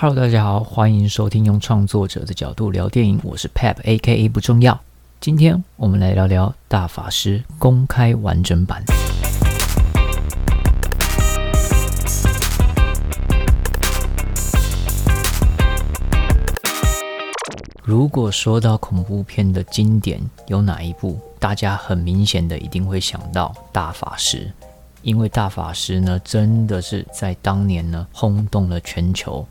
Hello，大家好，歡迎收聽用創作者的角度聊電影，我是 Pep，A.K.A 不重要。今天我們來聊聊《大法師》公開完整版。如果說到恐怖片的經典有哪一部，大家很明顯的一定會想到《大法師》，因為《大法師》呢真的是在當年呢轟動了全球。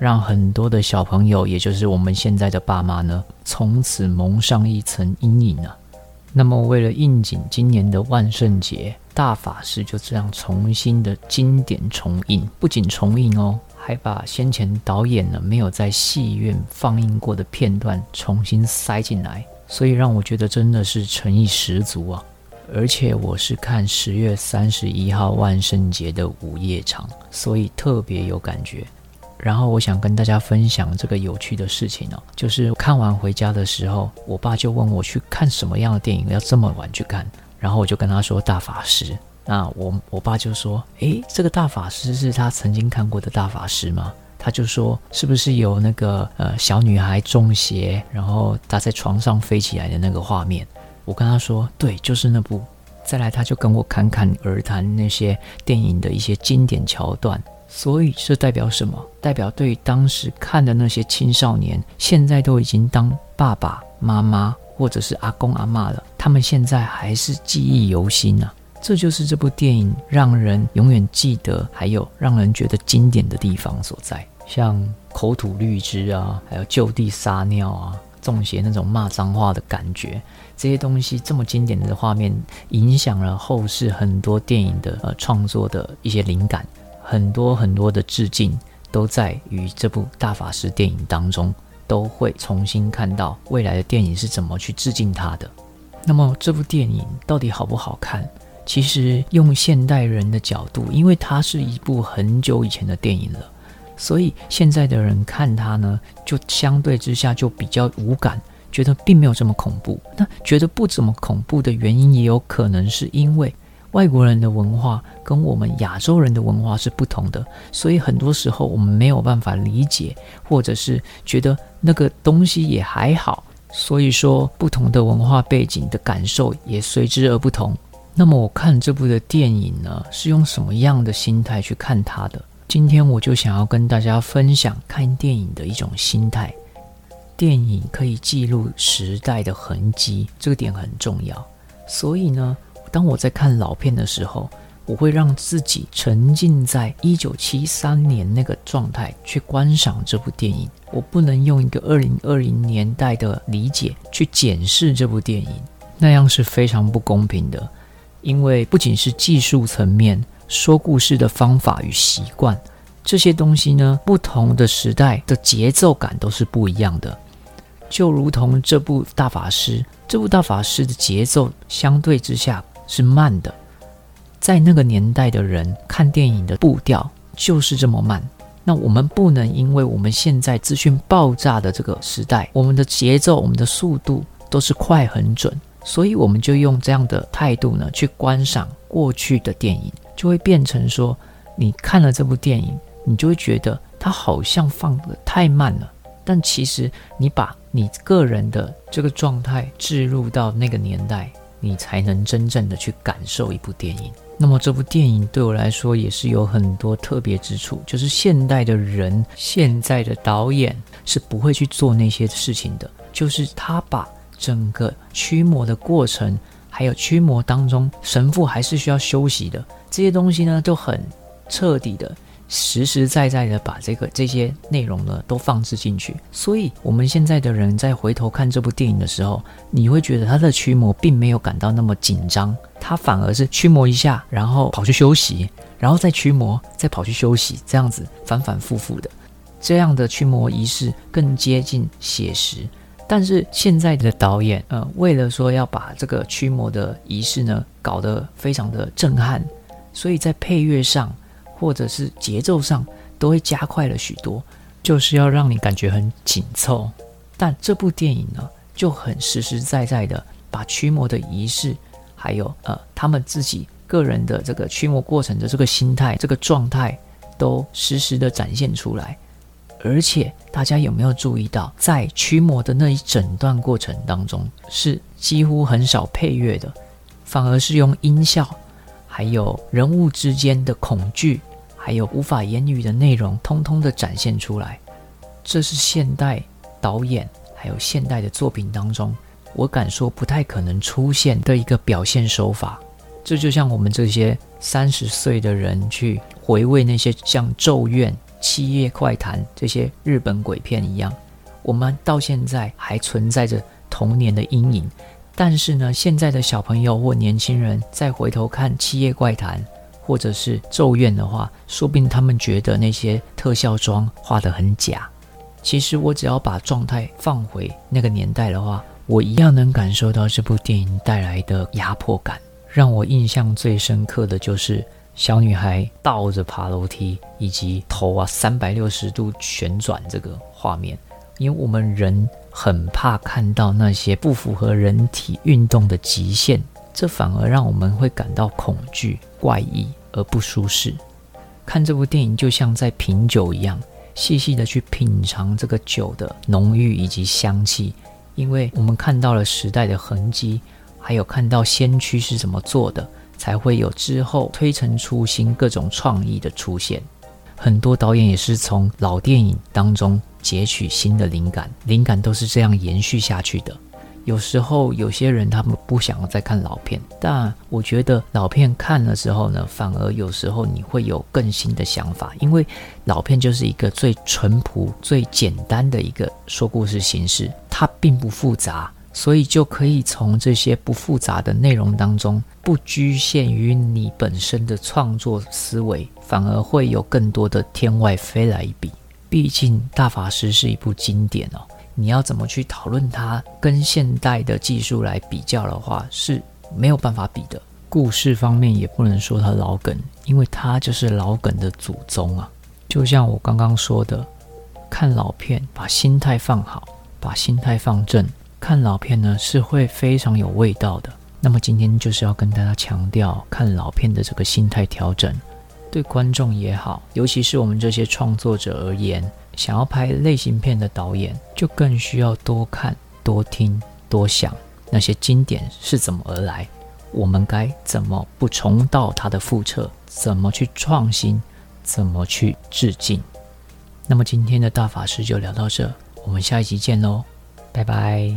讓很多的小朋友，也就是我們現在的爸媽呢，從此蒙上一層陰影啊。那麼，為了應景，今年的萬聖節，大法師就這樣重新的經典重映。不僅重映哦，還把先前導演呢沒有在戲院放映過的片段重新塞進來。所以讓我覺得真的是誠意十足啊。而且我是看十月三十一號萬聖節的午夜場，所以特別有感覺。然後我想跟大家分享這個有趣的事情哦，就是看完回家的時候，我爸就問我去看什麼樣的電影要這麼晚去看，然後我就跟他說《大法師》，那我我爸就說：“誒，這個大法師是他曾經看過的大法師嗎？”他就說：“是不是有那個呃小女孩中邪，然後她在床上飛起來的那個畫面？”我跟他說：“對，就是那部。”再來，他就跟我侃侃而談那些電影的一些經典橋段。所以，這代表什麼？代表對於當時看的那些青少年，現在都已經當爸爸媽媽或者是阿公阿嬤了。他們現在還是記憶猶新啊！這就是這部電影讓人永遠記得，還有讓人覺得經典的地方所在。像口吐綠汁啊，還有就地撒尿啊，中邪那種罵髒話的感覺，這些東西這麼經典的畫面，影響了後世很多電影的，呃，創作的一些靈感。很多很多的致敬都在於這部大法師電影當中，都會重新看到未來的電影是怎麼去致敬他的。那麼這部電影到底好不好看？其實用現代人的角度，因為它是一部很久以前的電影了，所以現在的人看它呢，就相對之下就比較無感，覺得並沒有這麼恐怖。那覺得不怎麼恐怖的原因，也有可能是因為。外國人的文化跟我們亞洲人的文化是不同的，所以很多時候我們沒有辦法理解，或者是覺得那個東西也還好。所以說，不同的文化背景的感受也隨之而不同。那麼我看這部的電影呢，是用什麼樣的心態去看它的？今天我就想要跟大家分享看電影的一種心態。電影可以記錄時代的痕跡，這個點很重要。所以呢，當我在看老片的時候，我會讓自己沉浸在一九七三年那個狀態去觀賞這部電影。我不能用一個二零二零年代的理解去檢視這部電影，那樣是非常不公平的。因為不僅是技術層面，說故事的方法與習慣這些東西呢，不同的時代的節奏感都是不一樣的。就如同這部《大法師》，這部《大法師》的節奏相對之下。是慢的，在那個年代的人看電影的步調就是這麼慢。那我們不能因為我們現在資訊爆炸的這個時代，我們的節奏、我們的速度都是快很準，所以我們就用這樣的態度呢去觀賞過去的電影，就會變成說，你看了這部電影，你就會覺得它好像放得太慢了。但其實你把你個人的這個狀態置入到那個年代。你才能真正的去感受一部電影。那麼這部電影對我來說也是有很多特別之處，就是現代的人、現在的導演是不會去做那些事情的。就是他把整個驅魔的過程，還有驅魔當中神父還是需要休息的這些東西呢，都很徹底的。實實在在的把這個這些內容呢都放置進去，所以我們現在的人在回頭看這部電影的時候，你會覺得他的驅魔並沒有感到那麼緊張，他反而是驅魔一下，然後跑去休息，然後再驅魔，再跑去休息，這樣子反反复复的，這樣的驅魔儀式更接近寫實。但是現在的導演呃，為了說要把這個驅魔的儀式呢搞得非常的震撼，所以在配樂上，或者是節奏上都會加快了許多，就是要讓你感覺很緊湊。但這部電影呢，就很實實在在的把驅魔的儀式，還有呃他們自己個人的這個驅魔過程的這個心態、這個狀態，都實時的展現出來。而且大家有沒有注意到，在驅魔的那一整段過程當中，是幾乎很少配樂的，反而是用音效，還有人物之間的恐懼。還有無法言語的內容，通通的展現出來，這是現代導演還有現代的作品當中，我敢說不太可能出現的一個表現手法。這就像我們這些三十歲的人去回味那些像《咒怨》、《七夜怪談》這些日本鬼片一樣，我們到現在還存在着童年的陰影。但是呢，現在的小朋友或年輕人再回頭看《七夜怪談》，或者是咒怨的話，說不定他們覺得那些特效妝畫得很假。其實我只要把狀態放回那個年代的話，我一樣能感受到這部電影帶來的壓迫感。讓我印象最深刻的就是小女孩倒着爬樓梯，以及頭啊三百六十度旋轉這個畫面。因為我們人很怕看到那些不符合人體運動的極限，這反而讓我們會感到恐懼、怪異。而不舒適。看這部電影就像在品酒一樣，細細的去品嘗這個酒的濃郁以及香氣。因為我們看到了時代的痕跡，還有看到先驅是怎麼做的，才會有之後推陳出新各種創意的出現。很多導演也是從老電影當中截取新的靈感，靈感都是這樣延續下去的。有時候有些人他們不想要再看老片，但我覺得老片看了之後呢，反而有時候你會有更新的想法，因為老片就是一個最淳樸、最簡單的一個說故事形式，它並不複雜，所以就可以從這些不複雜的內容當中，不局限於你本身的創作思維，反而會有更多的天外飛來一筆。畢竟《大法師》是一部經典哦。你要怎麼去討論它跟現代的技術來比較的話，是沒有辦法比的。故事方面也不能說它老梗，因為它就是老梗的祖宗啊。就像我剛剛說的，看老片把心態放好，把心態放正，看老片呢，是會非常有味道的。那麼今天就是要跟大家強調，看老片的這個心態調整，對觀眾也好，尤其是我們這些創作者而言。想要拍類型片的導演，就更需要多看、多聽、多想，那些經典是怎麼而來，我們該怎麼不重蹈他的覆轍？怎麼去創新？怎麼去致敬？那麼今天的大法師就聊到這，我們下一集見嘍，拜拜。